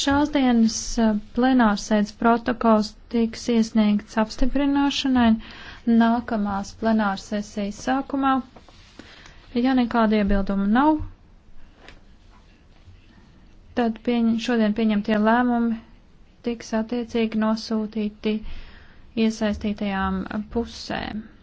Šās dienas plenārsēdes protokols tiks iesniegts apstiprināšanai nākamās plenārsesijas sākumā. Ja nekāda iebilduma nav, tad pieņ šodien pieņemtie lēmumi tiks attiecīgi nosūtīti iesaistītajām pusēm.